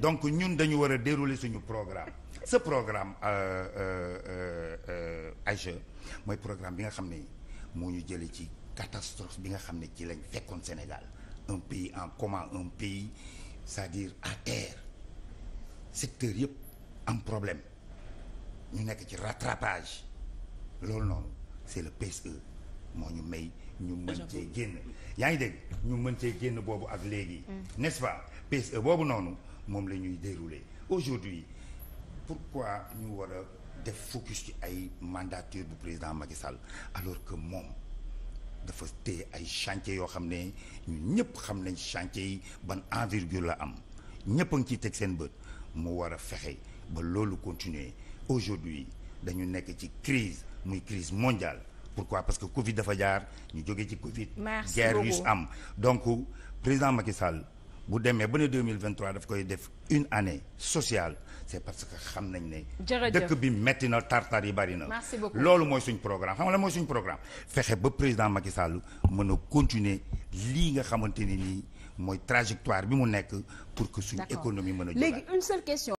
donc ñun dañu war a dérouler suñu programme sa programme euh, euh, euh, AJE mooy programme bi nga xam ne moo ñu jëlee ci catastrophe bi nga xam ne ci lañ fekkoon Sénégal un pays en comment un pays c'est-à-dire à secteur yëpp am problème ñu nekk ci rattrapage loolu noonu c'est le PSE moo ñu may ñu mën cee génn yaa ngi dégg ñu mën cee génn boobu ak léegi mm. n'est-ce pas PSE boobu noonu moom la ñuy dérouler aujourd'hui pourquoi ñu war a def focus ci ay mandature bu président Macky Sall alors que moom dafa te ay chantier yoo xam ne ñun ñëpp xam nañ chantier yi ban envergure la am ñëpp a ngi ciy teg seen bët mu war a fexe ba loolu continuer aujourd'hui dañu nekk ci crise muy crise mondiale pourquoi parce que Covid dafa jaar ñu jógee ci Covid guerre russe am donc président Macky Sall bu demee ba ne 2023 dafa koy def une année sociale c'est parce que xam nañ ne. dëkk bi metti na tartar yi bari na. merci loolu mooy suñ programme xam nga la mooy suñ programme. fexe ba président Macky Sall mën a continuer lii nga xamante ni nii mooy trajectoire bi mu nekk pour que suñ économie mën a. léegi une seule question.